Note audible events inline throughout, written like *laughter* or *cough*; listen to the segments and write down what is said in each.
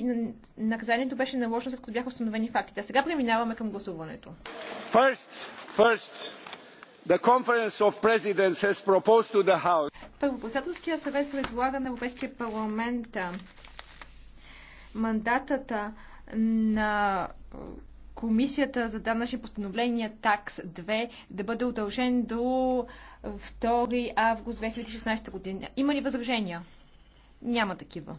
и наказанието беше наложено, след като бяха установени фактите. А сега преминаваме към гласуването. First, first, the Conference of Presidents has proposed to the House. съвет предлага на Европейския парламент мандатата на Комисията за данъчни постановления ТАКС 2 да бъде удължен до 2 август 2016 година. Има ли възражения? Няма такива.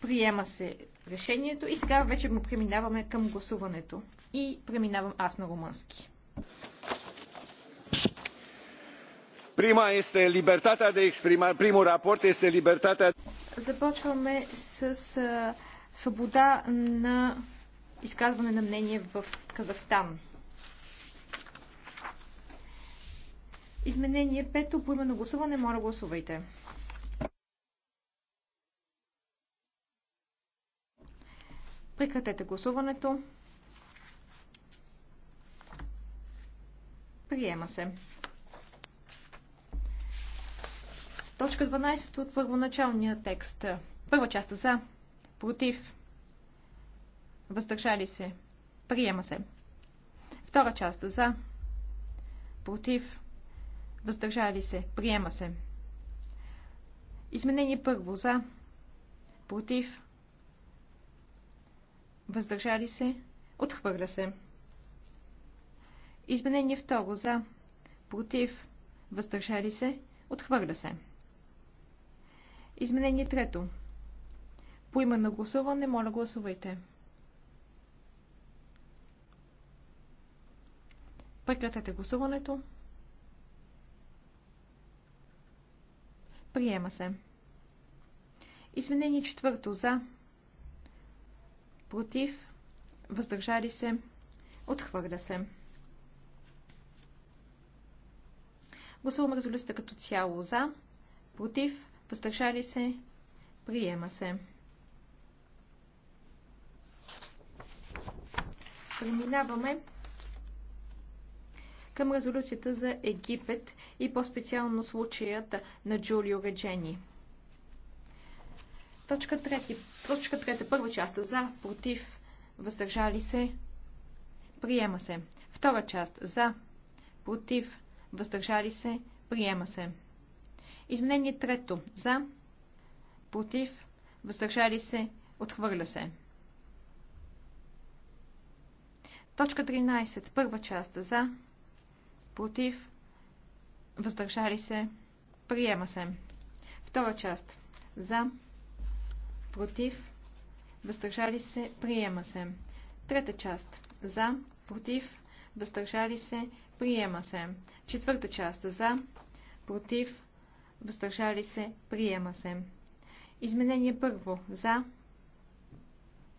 Приема се решението и сега вече му преминаваме към гласуването. И преминавам аз на румънски. Prima este libertatea de exprimare. Primul raport este libertatea. Започваме с а, свобода на изказване на мнение в Казахстан. Изменение пето по име на гласуване. Моля гласувайте. Прекратете гласуването. Приема се. Точка 12 от първоначалния текст. Първа част за. Против. Въздържали се. Приема се. Втора част за. Против. Въздържали се. Приема се. Изменение първо за. Против. Въздържали се. Отхвърля се. Изменение второ. За. Против. Въздържали се. Отхвърля се. Изменение трето. По на гласуване, моля гласувайте. Прекратете гласуването. Приема се. Изменение четвърто за, против, въздържали се, отхвърля се. Гласуваме резолюцията като цяло за, против, въздържали се, приема се. Преминаваме към резолюцията за Египет и по-специално случаят на Джулио Реджени. Точка трети. Точка 3. Първа част. За, против, въздържали се. Приема се. Втора част. За, против, въздържали се. Приема се. Изменение трето. За, против, въздържали се. Отхвърля се. Точка 13. Първа част. За, против, въздържали се. Приема се. Втора част. За, против, въздържали се, приема се. Трета част. За, против, въздържали се, приема се. Четвърта част. За, против, въздържали се, приема се. Изменение първо. За,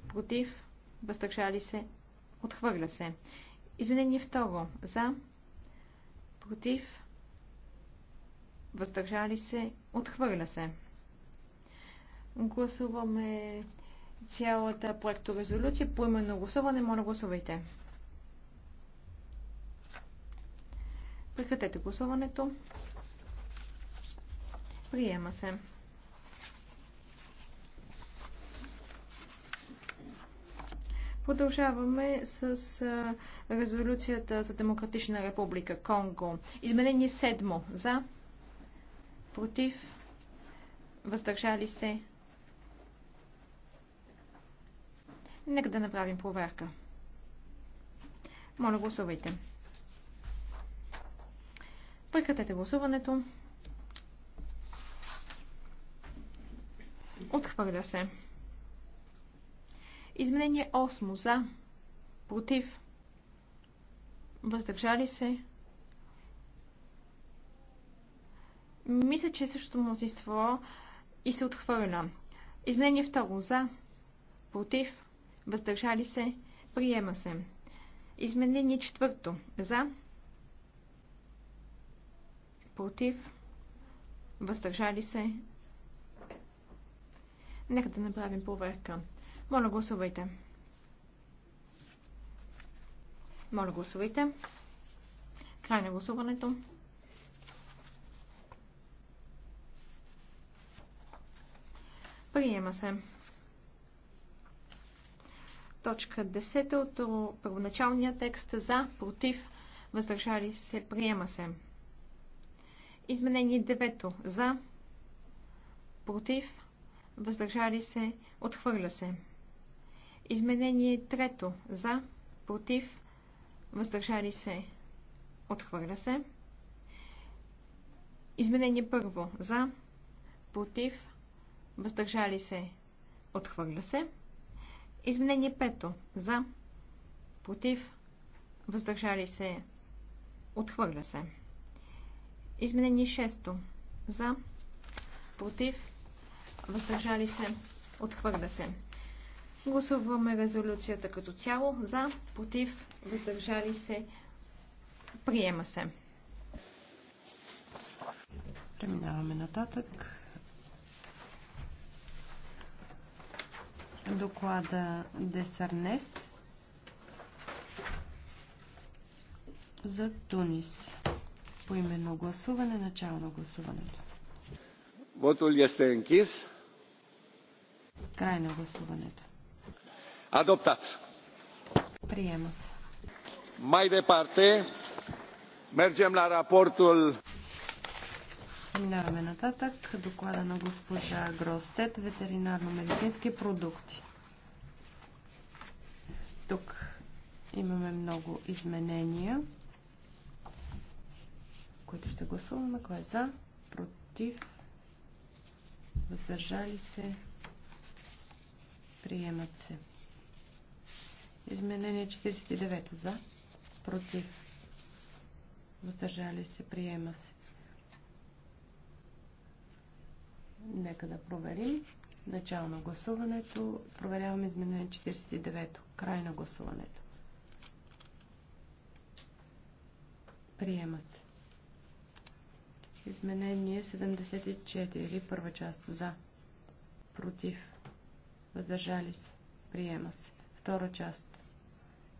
против, въздържали се, отхвърля се. Изменение второ. За, против, въздържали се, отхвърля се. Гласуваме цялата резолюция По именно гласуване, моля гласувайте. Прекратете гласуването. Приема се. Продължаваме с резолюцията за Демократична република Конго. Изменение седмо. За. Против. Въздържали се. Нека да направим проверка. Моля, гласувайте. Прекратете гласуването. Отхвърля се. Изменение 8. За. Против. Въздържали се. Мисля, че същото мнозинство и се отхвърля. Изменение 2. За. Против въздържали се, приема се. Изменение четвърто. За, против, въздържали се. Нека да направим проверка. Моля, гласувайте. Моля, гласувайте. Край на гласуването. Приема се. Точка 10 от първоначалния текст за, против, въздържали се, приема се. Изменение 9 за, против, въздържали се, отхвърля се. Изменение 3 за, против, въздържали се, отхвърля се. Изменение първо за, против, въздържали се, отхвърля се. Изменение пето. За. Против. Въздържали се. Отхвърля се. Изменение шесто. За. Против. Въздържали се. Отхвърля се. Гласуваме резолюцията като цяло. За. Против. Въздържали се. Приема се. Преминаваме нататък. доклада Десарнес за Тунис. По именно гласуване, начало на гласуването. Вотul este енкис. Край на гласуването. Адоптат. Приема се. Mai departe, мерджем на рапортул Преминаваме нататък. Доклада на госпожа Гростет, ветеринарно-медицински продукти. Тук имаме много изменения, които ще гласуваме. Кой е за? Против? Въздържали се? Приемат се. Изменение 49 за. Против? Въздържали се? Приема се. Нека да проверим. Начало на гласуването. Проверяваме изменение 49. Край на гласуването. Приема се. Изменение 74. Първа част. За. Против. Въздържали се. Приема се. Втора част.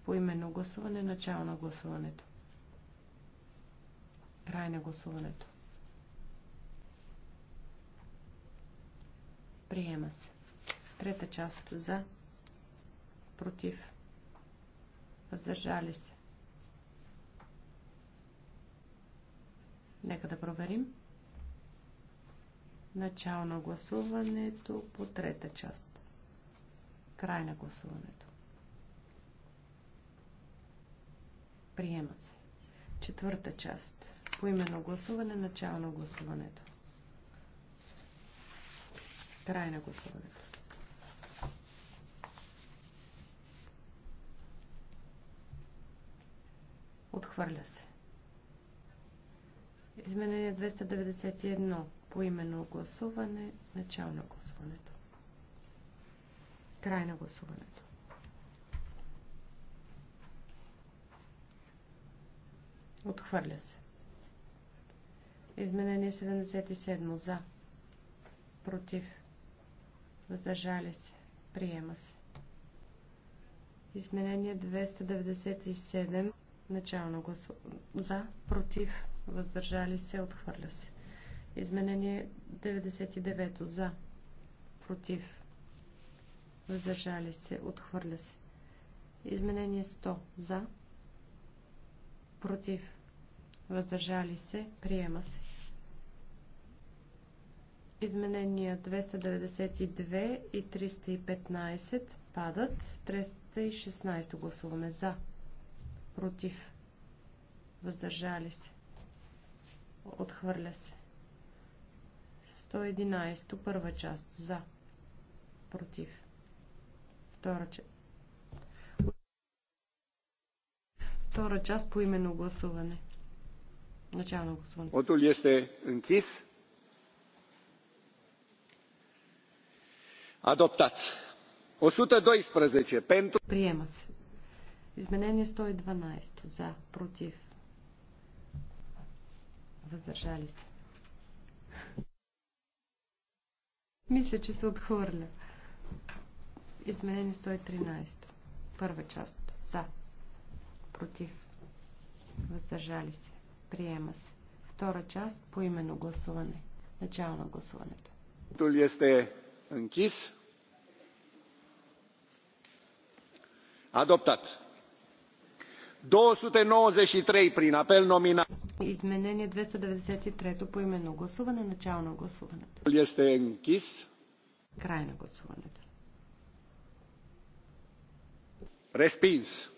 По именно гласуване. Начало на гласуването. Край на гласуването. Приема се. Трета част за. Против. Въздържали се. Нека да проверим. Начало на гласуването по трета част. Край на гласуването. Приема се. Четвърта част. Поименно гласуване, начало на гласуването. Край на гласуването. Отхвърля се. Изменение 291. По именно гласуване. Начало на гласуването. Край на гласуването. Отхвърля се. Изменение 77. За. Против въздържали се, приема се. Изменение 297, начално гласу... за, против, въздържали се, отхвърля се. Изменение 99 за, против, въздържали се, отхвърля се. Изменение 100 за, против, въздържали се, приема се. Изменения 292 и 315 падат. 316 гласуваме за. Против. Въздържали се. Отхвърля се. 111 първа част за. Против. Втора част. Втора част по именно гласуване. Начално гласуване. Отул este închis. adoptat o sută doisprezece pentru приема се изменение 112 за против въздържали се мисля че се отхвърля изменение 113 първа част за против въздържали се приема се втора част по именно гласуване начало на гласуването este închis. adoptat. prin apel nominal. Изменение 293 по именно гласуване, начало на гласуването. Este închis. Край на гласуването. Respins.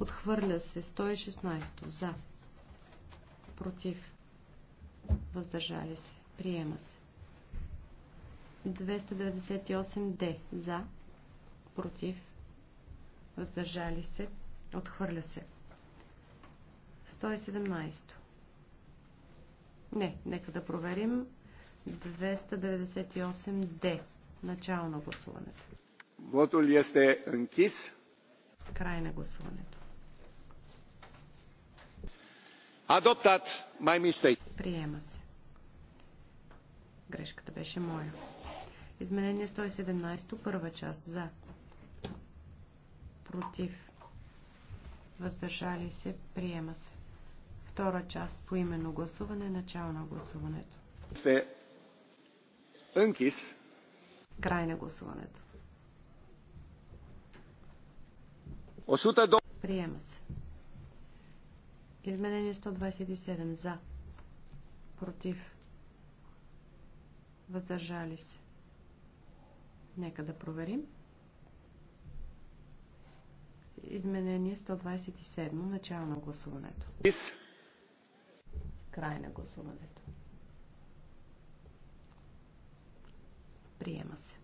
Отхвърля се 116 за. Против. Въздържали се. Приема се. 298 Д. За. Против. Въздържали се. Отхвърля се. 117. Не, нека да проверим. 298 Д. Начало на гласуването. ли сте анкис. Край на гласуването. Adoptat my mistake. Приема се. Грешката беше моя. Изменение 117, първа част за. Против. Въздържали се, приема се. Втора част по именно гласуване, начало на гласуването. Се Край на гласуването. Приема се. Изменение 127 за. Против въздържали се. Нека да проверим. Изменение 127, начало на гласуването. Край на гласуването. Приема се.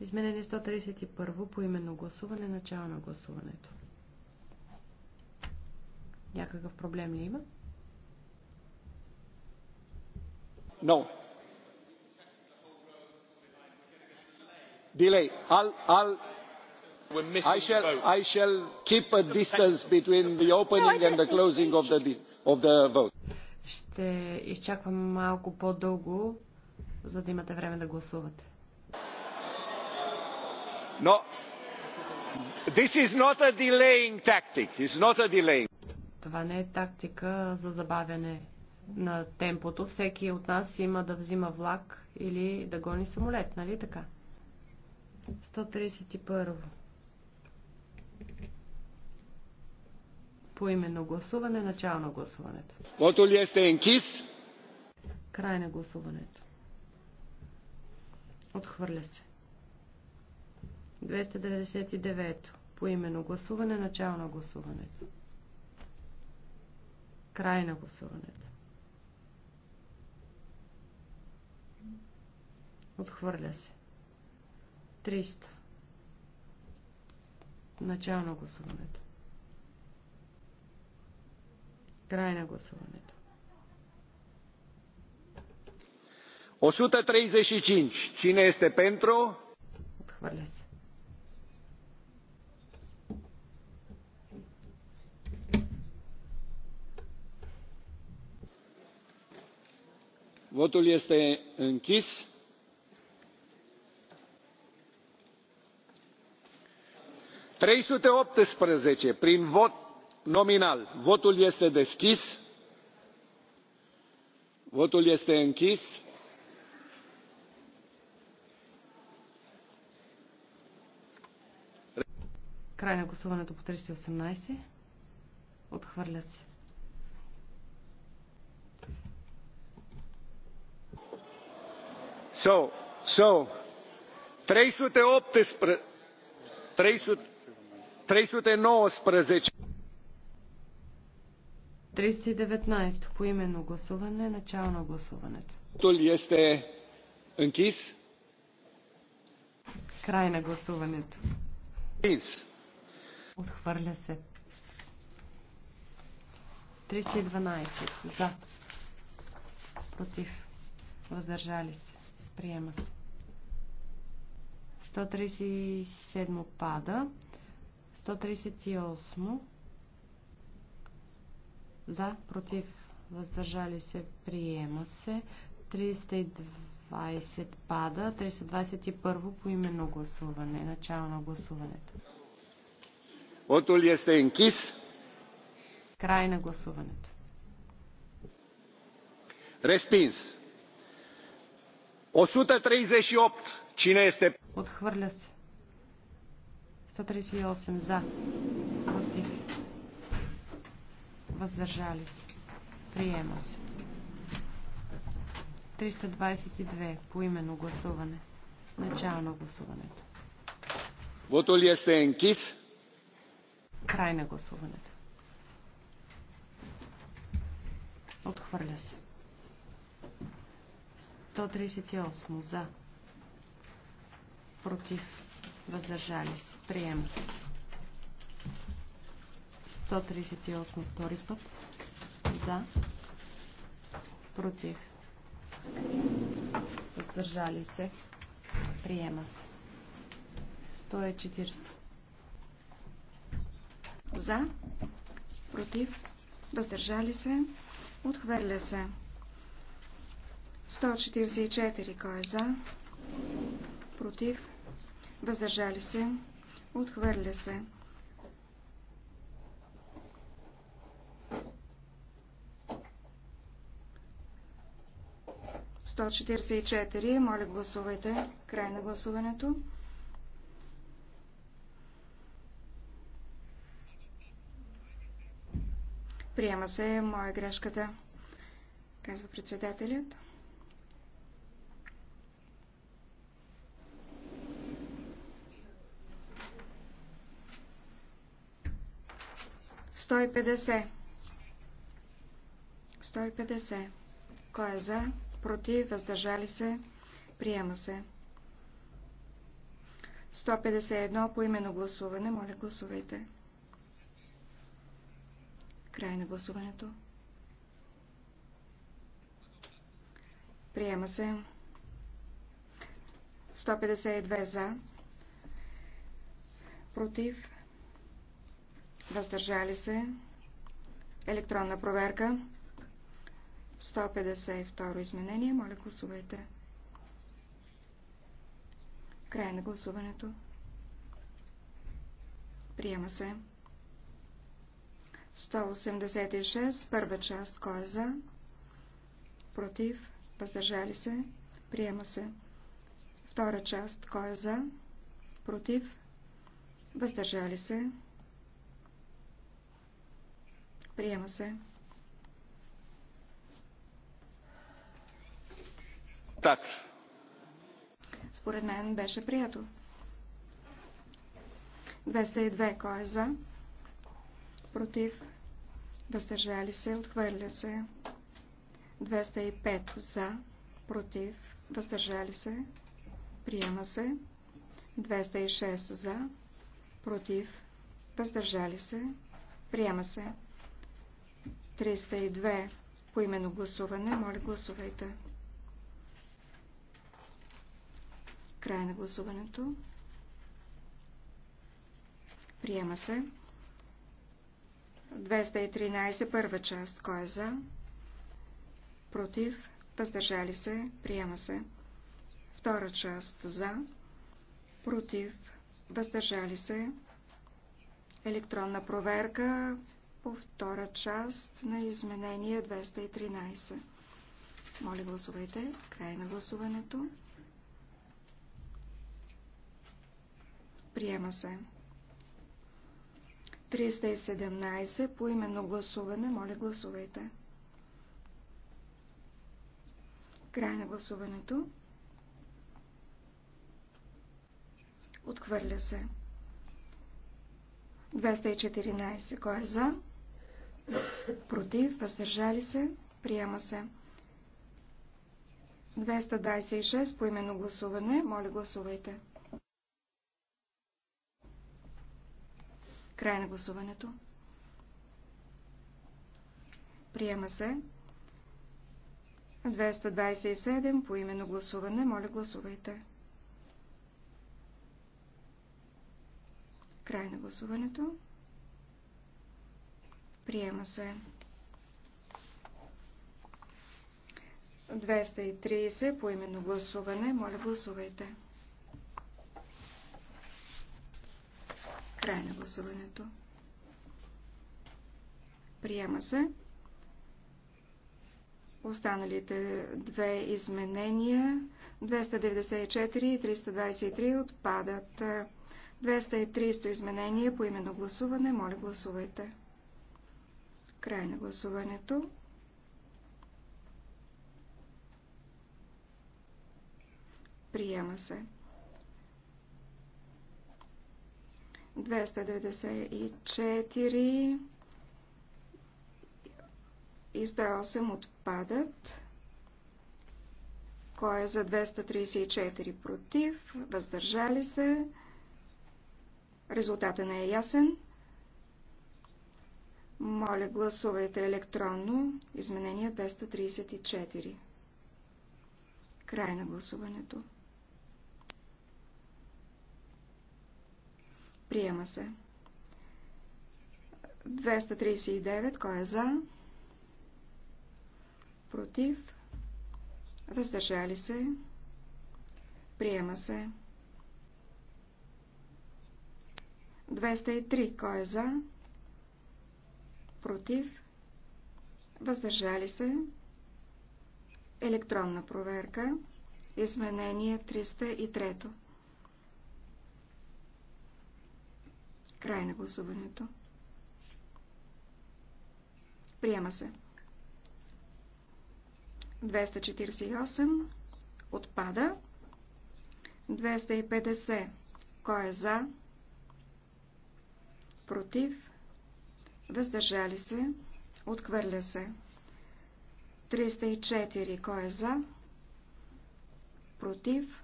Изменение 131 по именно гласуване, начало на гласуването. Някакъв проблем ли има? No. delay. I'll, I'll, I, shall, I shall keep a distance between the opening and the closing of the, of the vote. Ще изчаквам малко по-дълго, за да имате време да гласувате. No. This is not a delaying tactic. It's not a delaying. Това не е тактика за забавяне на темпото. Всеки от нас има да взима влак или да гони самолет, нали така? 131. Поименно гласуване, начало на гласуването. ли сте енкис? Край на гласуването. Отхвърля се. 299. Поименно гласуване, начало на гласуването. Край на гласуването. Отхвърля се. 300. Начало на гласуването. Край на гласуването. 135. Cine este pentru? Отхвърля се. Votul este închis. 318 prin vot nominal. Votul este deschis. Votul este închis. Край на гласуването по 318. Отхвърля се. So, so, 318, 300, 319. 319. Поименно гласуване. Начало на гласуването. Тул este închis. Край на гласуването. Инс. Отхвърля се. 312. За. Против. Въздържали се. Приема се. 137 пада. 138 за, против, въздържали се, приема се. 320 пада. 321 по именно гласуване. Начало на гласуването. Отул este închis. Край на гласуването. Респинс. 138. Cine este? Отхвърля се. 138 за. Против. Въздържали се. Приема се. 322. Поименно гласуване. Начало на гласуването. Votul este енкис. Край на гласуването. Отхвърля се. 138 за. Против въздържали се. Приема се. 138 втори път. За. Против. Въздържали се. Приема се. 140. За. Против. Въздържали се. Отхвърля се. 144. Кой е за? Против въздържали се, отхвърля се. Сто моля гласувайте. Край на гласуването. Приема се моя грешката, казва председателят. 150. 150. Кой е за? Против? Въздържали се? Приема се. 151 по именно гласуване. Моля, гласувайте. Край на гласуването. Приема се. 152 за. Против въздържали се, електронна проверка, 152 изменение, моля гласувайте. Край на гласуването. Приема се. 186, първа част, кой е за? Против, въздържали се, приема се. Втора част, кой е за? Против, въздържали се, Приема се. Так. Според мен беше прието. 202. Кой е за? Против. Въздържали се. Отхвърля се. 205. За. Против. Въздържали се. Приема се. 206. За. Против. Въздържали се. Приема се. 302 по именно гласуване. Моля, гласувайте. Край на гласуването. Приема се. 213 първа част. Кой е за? Против. Въздържали се. Приема се. Втора част. За. Против. Въздържали се. Електронна проверка по втора част на изменение 213. Моля гласувайте. Край на гласуването. Приема се. 317 по именно гласуване. Моля гласувайте. Край на гласуването. Отхвърля се. 214. Кой е за? против, въздържали се, приема се. 226 по именно гласуване. Моля, гласувайте. Край на гласуването. Приема се. 227 по именно гласуване. Моля, гласувайте. Край на гласуването. Приема се. 230 по именно гласуване. Моля, гласувайте. Край на гласуването. Приема се. Останалите две изменения 294 и 323 отпадат. 230 изменения по именно гласуване. Моля, гласувайте. Край на гласуването. Приема се. 294 и 108 отпадат. Кой е за 234 против? Въздържали се? Резултата не е ясен. Моля, гласувайте електронно. Изменение 234. Край на гласуването. Приема се. 239. Кой е за? Против? Въздържали се? Приема се. 203. Кой е за? против, въздържали се, електронна проверка, изменение 303. Край на гласуването. Приема се. 248 отпада. 250 кой е за? Против? въздържали се, отхвърля се. 304. Кой е за? Против,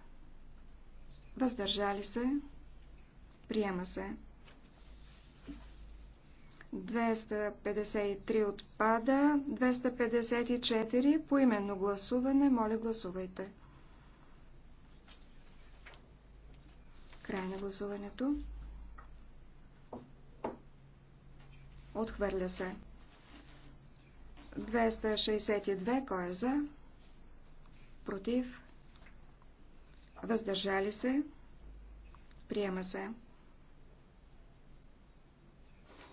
въздържали се, приема се. 253 отпада, 254 по именно гласуване, моля гласувайте. Край на гласуването. Отхвърля се. 262. Кой е за? Против. Въздържали се. Приема се.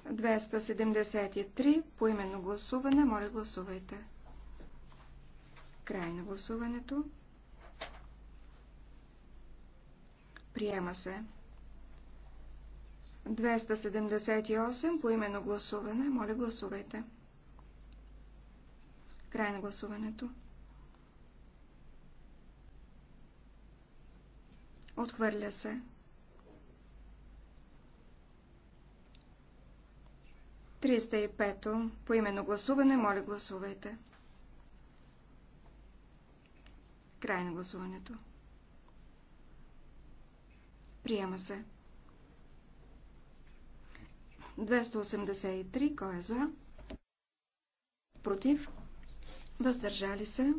273. По именно гласуване. Моля, гласувайте. Край на гласуването. Приема се. 278 по именно гласуване. Моля, гласувайте. Край на гласуването. Отхвърля се. Триста и пето. По именно гласуване, моля гласувайте. Край на гласуването. Приема се. 283. Кой е за? Против? Въздържали се?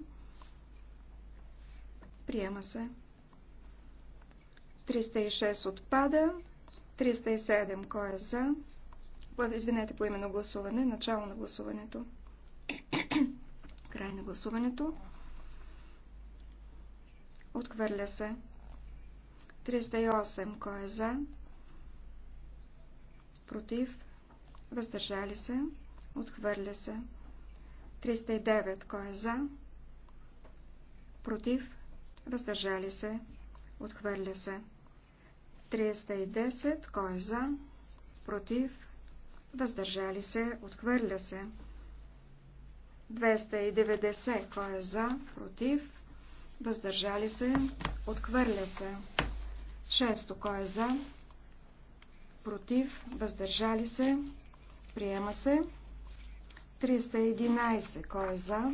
Приема се. 306 отпада. 307. Кой е за? Извинете по именно гласуване. Начало на гласуването. *clears throat* Край на гласуването. Отхвърля се. 308. Кой е за? против, въздържали се, отхвърля се. 309. Кой е за? Против, въздържали се, отхвърля се. 310. Кой е за? Против, въздържали се, отхвърля се. 290. Кой е за? Против, въздържали се, отхвърля се. 6. Кой е за? против, въздържали се, приема се. 311, кой е за,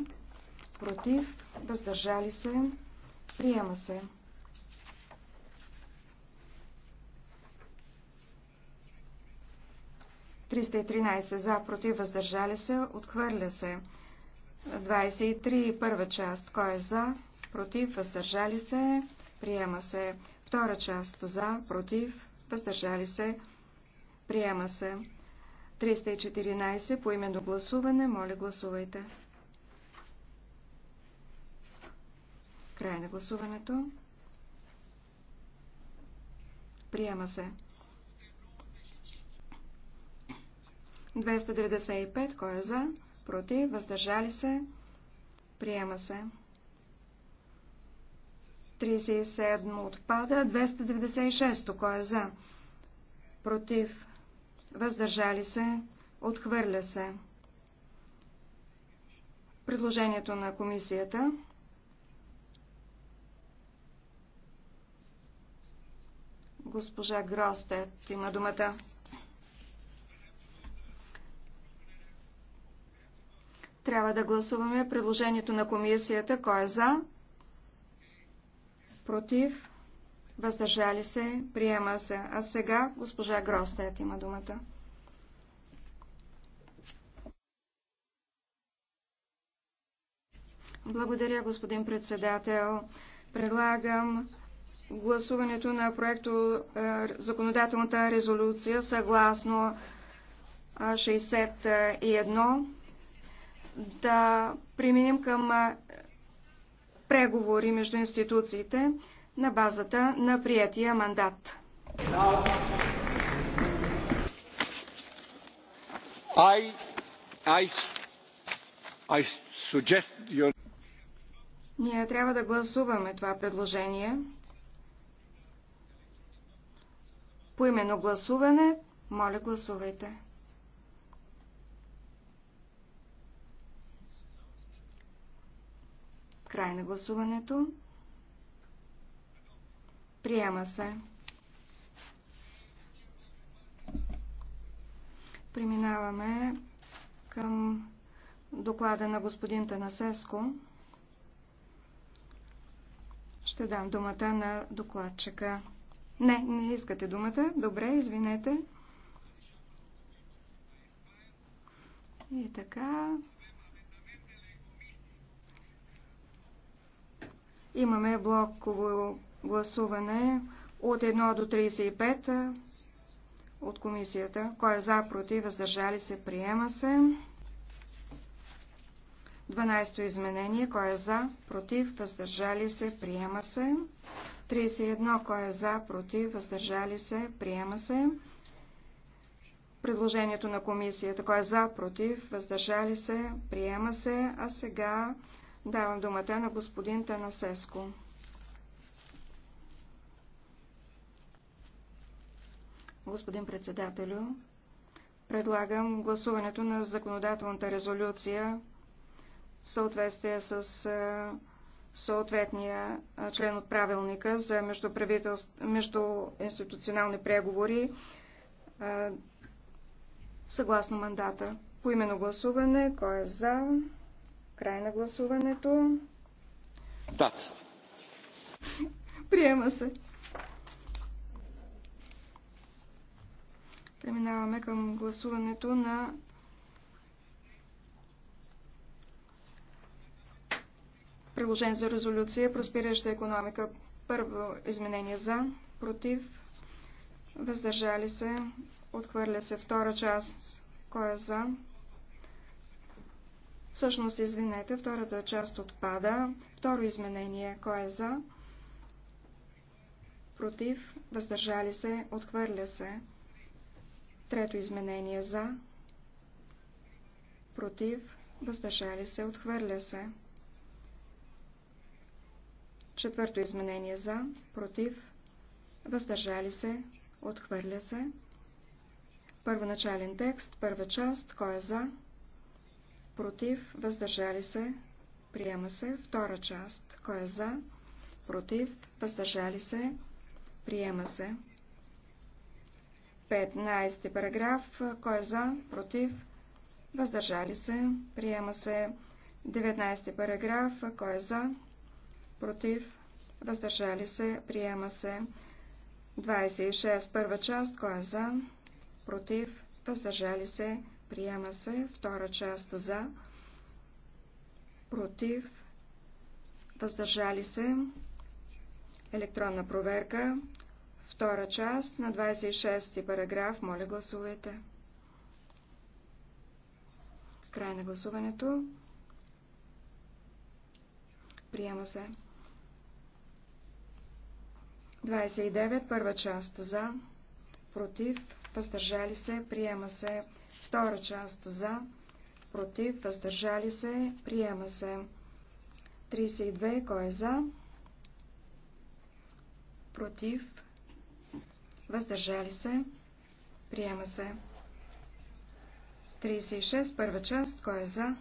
против, въздържали се, приема се. 313 за, против, въздържали се, отхвърля се. 23 първа част, кой е за, против, въздържали се, приема се. Втора част за, против, въздържали се, Приема се. 314 по именно гласуване. Моля, гласувайте. Край на гласуването. Приема се. 295. Кой е за? Против? Въздържали се? Приема се. 37 отпада. 296. Кой е за? Против? въздържали се, отхвърля се. Предложението на комисията Госпожа Гростет има думата. Трябва да гласуваме предложението на комисията. Кой е за? Против? въздържали се, приема се. А сега госпожа Гростет има думата. Благодаря, господин председател. Предлагам гласуването на проекто е, законодателната резолюция съгласно 61 е, да применим към е, преговори между институциите на базата на приятия мандат. I, I, I your... Ние трябва да гласуваме това предложение. По именно гласуване, моля гласувайте. Край на гласуването. Приема се. Преминаваме към доклада на господин Танасеско. Ще дам думата на докладчика. Не, не искате думата. Добре, извинете. И така. Имаме блоково гласуване от 1 до 35 от комисията. Кой е за, против, въздържали се, приема се. 12 изменение. Кой е за, против, въздържали се, приема се. 31. Кой е за, против, въздържали се, приема се. Предложението на комисията. Кой е за, против, въздържали се, приема се. А сега давам думата на господин Танасеско. Господин председателю, предлагам гласуването на законодателната резолюция в съответствие с съответния член от правилника за междуинституционални преговори съгласно мандата. По именно гласуване, кой е за, край на гласуването. Да. Приема се. Преминаваме към гласуването на приложение за резолюция Проспираща економика. Първо изменение за, против, въздържали се, отхвърля се втора част. Кой е за? Всъщност, извинете, втората част отпада. Второ изменение. Кой е за? Против, въздържали се, отхвърля се. Трето изменение за, против, въздържали се, отхвърля се. Четвърто изменение за, против, въздържали се, отхвърля се. Първоначален текст, първа част, кой е за, против, въздържали се, приема се. Втора част, кой е за, против, въздържали се, приема се. 15 параграф. Кой е за? Против? Въздържали се. Приема се 19 параграф. Кой е за? Против? Въздържали се. Приема се 26 първа част. Кой е за? Против? Въздържали се. Приема се втора част за. Против? Въздържали се. Електронна проверка. Втора част на 26 параграф. Моля, гласувайте. Край на гласуването. Приема се. 29. Първа част за. Против. Въздържали се. Приема се. Втора част за. Против. Въздържали се. Приема се. 32. Кой е за? Против въздържали се, приема се. 36, първа част, кой е за,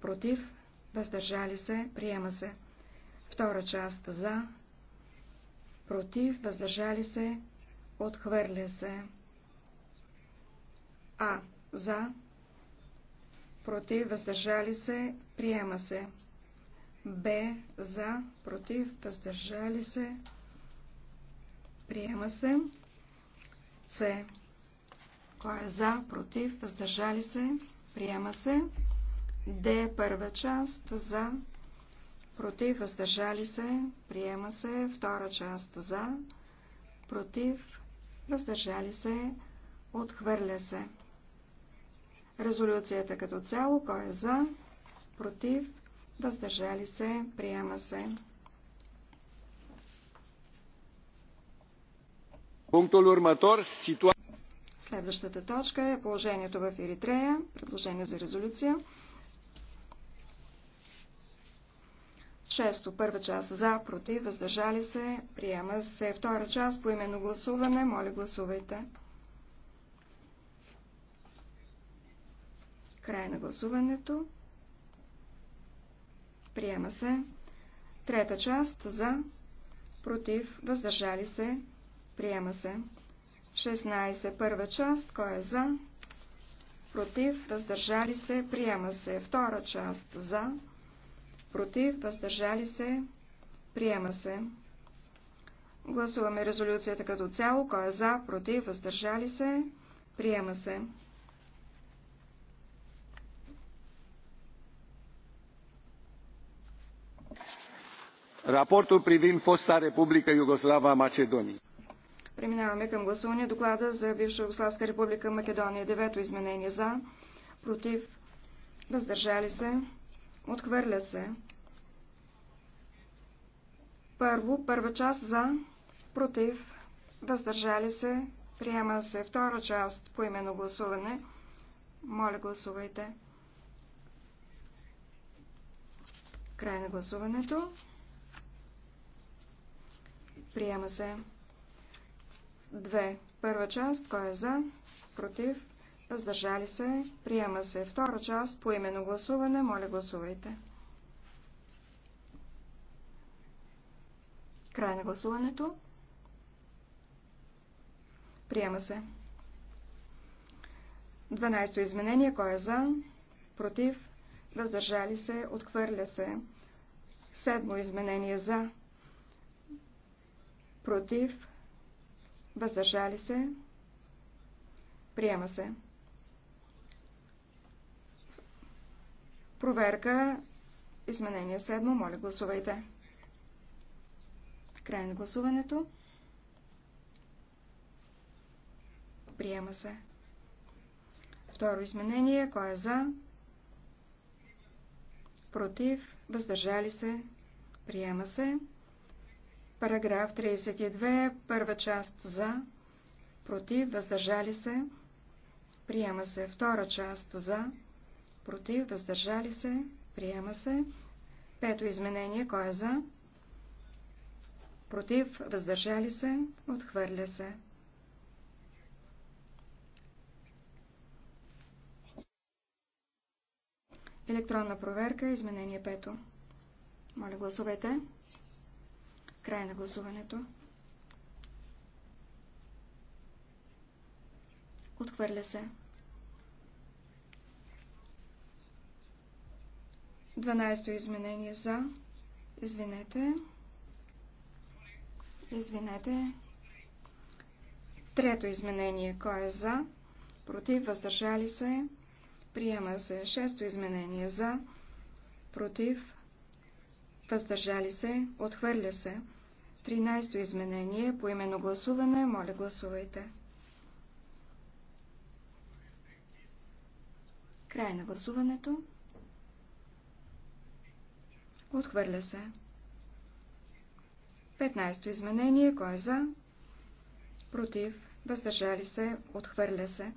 против, въздържали се, приема се. Втора част, за, против, въздържали се, отхвърля се. А. За. Против, въздържали се, приема се. Б. За. Против, въздържали се, Приема се. С. Кой е за, против, въздържали се. Приема се. Д. Първа част. За. Против, въздържали се. Приема се. Втора част. За. Против, въздържали се. Отхвърля се. Резолюцията като цяло. Кой е за? Против, въздържали се. Приема се. Следващата точка е положението в Еритрея. Предложение за резолюция. Шесто, първа част за, против, въздържали се, приема се. Втора част по именно гласуване. Моля, гласувайте. Край на гласуването. Приема се. Трета част за, против, въздържали се, Приема се. 16. Първа част. Кой е за? Против. Въздържали се. Приема се. Втора част. За. Против. Въздържали се. Приема се. Гласуваме резолюцията като цяло. Кой е за? Против. Въздържали се. Приема се. raportul privind fosta republică iugoslava a macedoniei. Преминаваме към гласуване доклада за бивша Югославска република Македония. Девето изменение за, против, въздържали се, отхвърля се. Първо, първа част за, против, въздържали се, приема се втора част по именно гласуване. Моля, гласувайте. Край на гласуването. Приема се. 2. Първа част. Кой е за? Против? Въздържали се? Приема се. Втора част. По именно гласуване. Моля, гласувайте. Край на гласуването. Приема се. 12-то изменение. Кой е за? Против? Въздържали се? Отхвърля се. Седмо изменение за. Против? въздържали се, приема се. Проверка, изменение 7, моля гласувайте. Край на гласуването. Приема се. Второ изменение, кой е за? Против, въздържали се, приема се. Параграф 32, първа част за, против, въздържали се, приема се. Втора част за, против, въздържали се, приема се. Пето изменение, кой е за? Против, въздържали се, отхвърля се. Електронна проверка, изменение пето. Моля, гласувайте. Край на гласуването. Отхвърля се. 12-то изменение за. Извинете. Извинете. Трето изменение. Кой е за? Против. Въздържали се. Приема се. Шесто изменение за. Против въздържали се, отхвърля се. 13-то изменение, по именно гласуване, моля гласувайте. Край на гласуването. Отхвърля се. 15-то изменение, кой е за? Против, въздържали се, отхвърля се.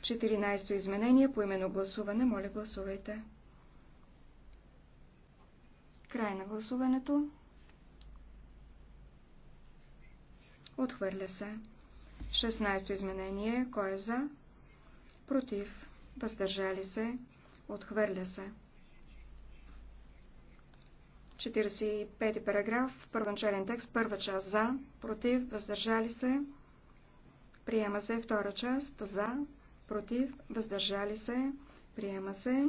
14-то изменение, по именно гласуване, моля гласувайте. Край на гласуването. Отхвърля се. 16-то изменение. Кой е за? Против. Въздържали се. Отхвърля се. 45 ти параграф. Първоначален текст. Първа част за. Против. Въздържали се. Приема се. Втора част за. Против. Въздържали се. Приема се.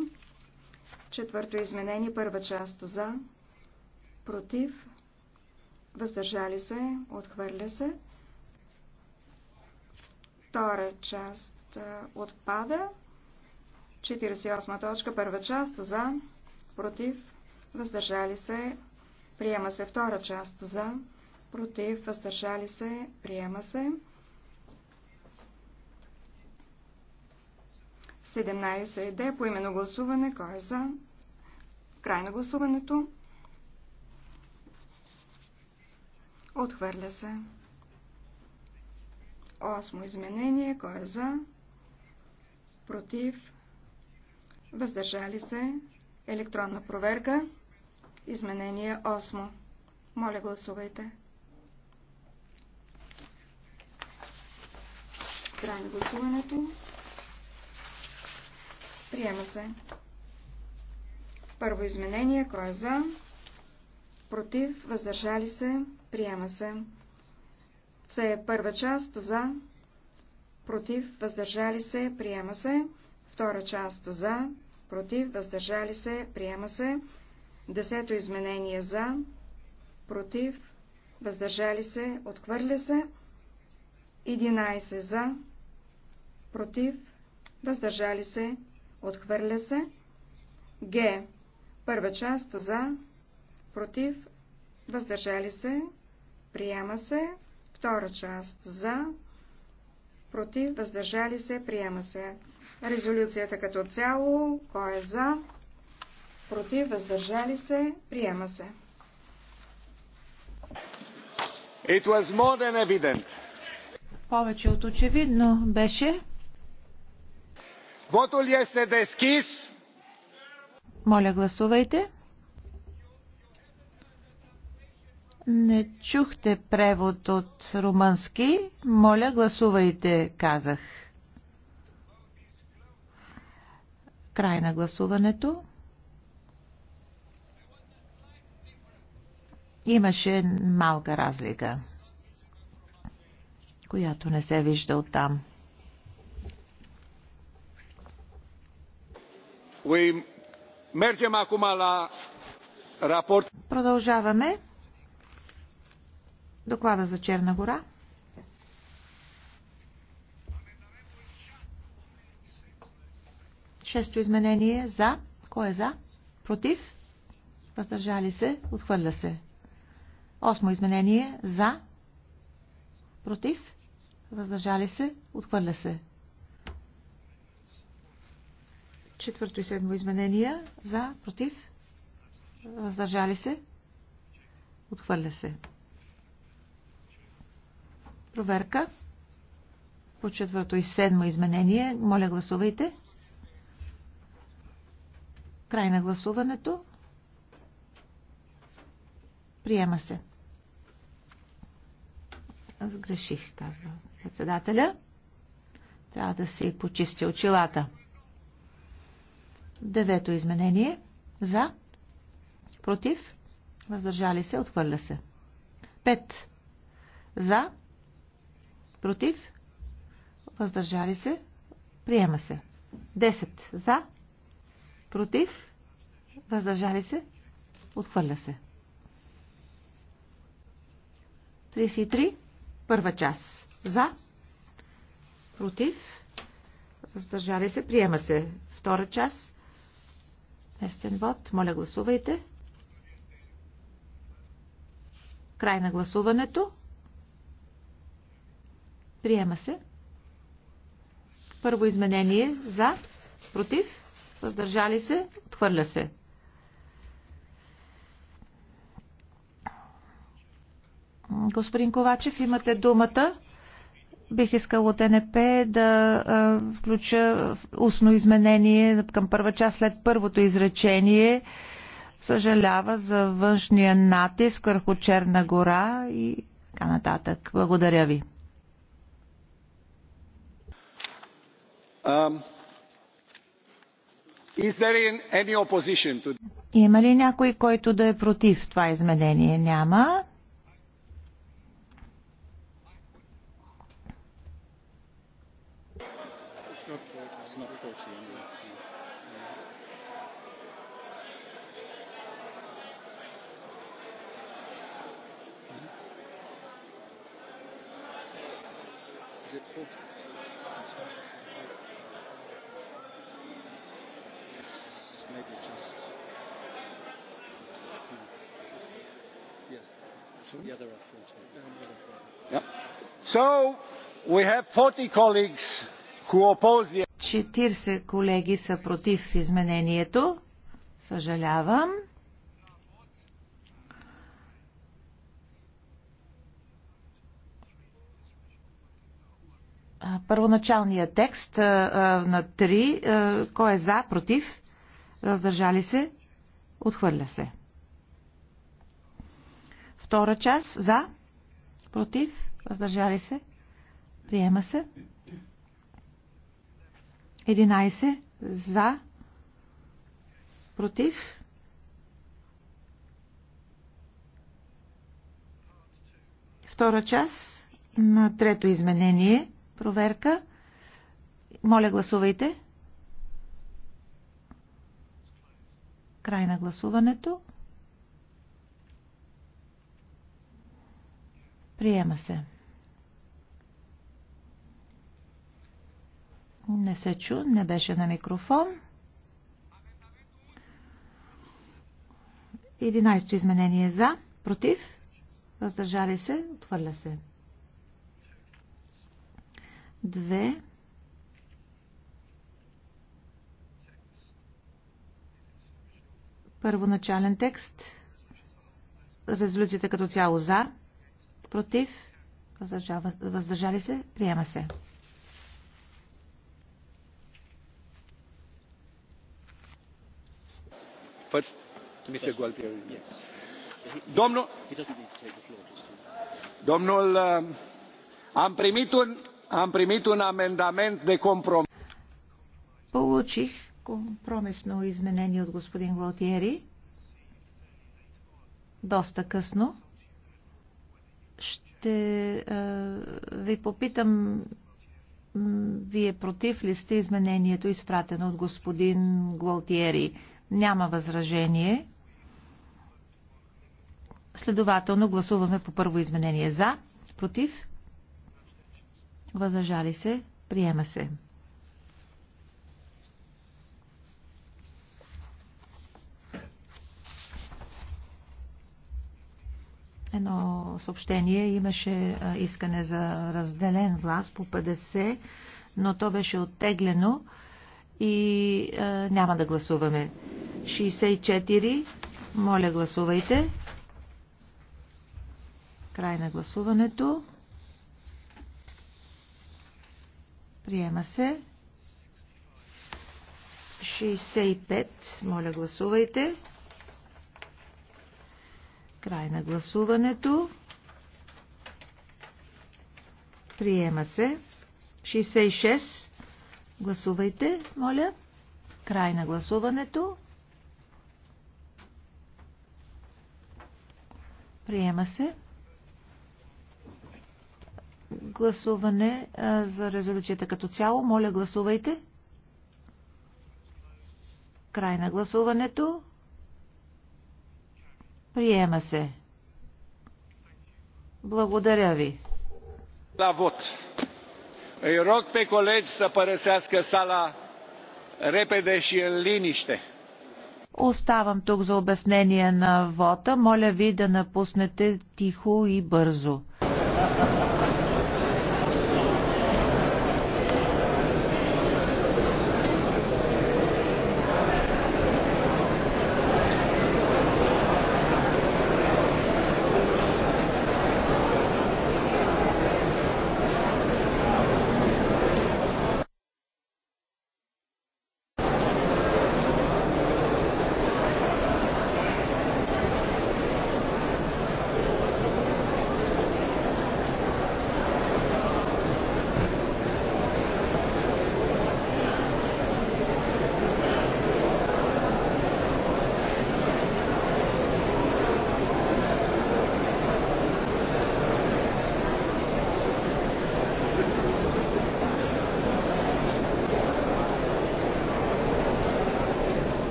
Четвърто изменение. Първа част за против, въздържали се, отхвърля се. Втора част отпада. 48 точка, първа част за, против, въздържали се, приема се втора част за, против, въздържали се, приема се. 17 иде по именно гласуване, кой е за? Край на гласуването. Отхвърля се. Осмо изменение. Кой е за? Против. Въздържали се. Електронна проверка. Изменение 8. Моля, гласувайте. Край на гласуването. Приема се. Първо изменение. Кой е за? Против. Въздържали се. Приема се. С е първа част за, против, въздържали се, приема се. Втора част за, против, въздържали се, приема се. Десето изменение за, против, въздържали се, отхвърля се. 11 за, против, въздържали се, отхвърля се. Г. Първа част за, против, въздържали се, Приема се. Втора част. За. Против. Въздържали се. Приема се. Резолюцията като цяло. Кой е за? Против. Въздържали се. Приема се. It was more than evident. Повече от очевидно беше. Вотът е deschis. Моля, гласувайте. Не чухте превод от румънски. Моля, гласувайте, казах. Край на гласуването. Имаше малка разлика, която не се вижда оттам. Продължаваме. Доклада за Черна гора. Шесто изменение за. Кой е за? Против? Въздържали се? Отхвърля се. Осмо изменение за. Против? Въздържали се? Отхвърля се. Четвърто и седмо изменение за. Против? Въздържали се? Отхвърля се. Проверка по четвърто и седмо изменение. Моля, гласувайте. Край на гласуването. Приема се. Аз греших, казва председателя. Трябва да си почистя очилата. Девето изменение. За. Против. Въздържали се. Отхвърля се. Пет. За. Против? Въздържали се? Приема се. 10 за. Против? Въздържали се? Отхвърля се. 33. Първа част. За. Против. Въздържали се. Приема се. Втора част. Местен вод. Моля, гласувайте. Край на гласуването. Приема се. Първо изменение за, против, въздържали се, отхвърля се. Господин Ковачев, имате думата. Бих искал от НП да а, включа устно изменение към първа част след първото изречение. Съжалява за външния натиск върху Черна гора и така нататък. Благодаря ви. Um, Има ли някой, който да е против това изменение? Няма. 40 колеги са против изменението. Съжалявам. Първоначалният текст на 3. Кой е за, против? Раздържали се, отхвърля се. Втора част за, против, Раздържали се, приема се. 11 за, против, Втора част на трето изменение. Проверка. Моля, гласувайте. Край на гласуването. Приема се. Не се чу, не беше на микрофон. 11-то изменение за, против, въздържали се, отхвърля се. Две. Първоначален текст. Резолюцията като цяло за, против, въздържали се, приема се. Domnul, uh, am primit un, am primit un amendament de compromis. Получих Компромисно изменение от господин Гвалтиери. Доста късно. Ще а, е, ви попитам, вие против ли сте изменението, изпратено от господин Гвалтиери? Няма възражение. Следователно гласуваме по първо изменение за, против, възражали се, приема се. едно съобщение. Имаше искане за разделен власт по 50, но то беше оттеглено и а, няма да гласуваме. 64. Моля, гласувайте. Край на гласуването. Приема се. 65. Моля, гласувайте. Край на гласуването. Приема се. 66. Гласувайте, моля. Край на гласуването. Приема се. Гласуване за резолюцията като цяло. Моля, гласувайте. Край на гласуването. Приема се. Благодаря ви. La vot. Îi rog pe colegi să părăsească sala repede și în liniște. Оставам тук за обяснение на вота. Моля ви да напуснете тихо и бързо.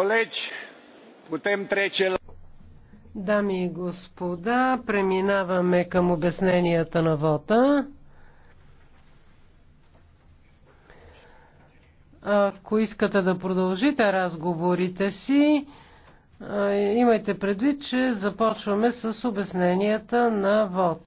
Колеги, putem trece la... Дами и господа, преминаваме към обясненията на вота. Ако искате да продължите разговорите си, имайте предвид, че започваме с обясненията на вод.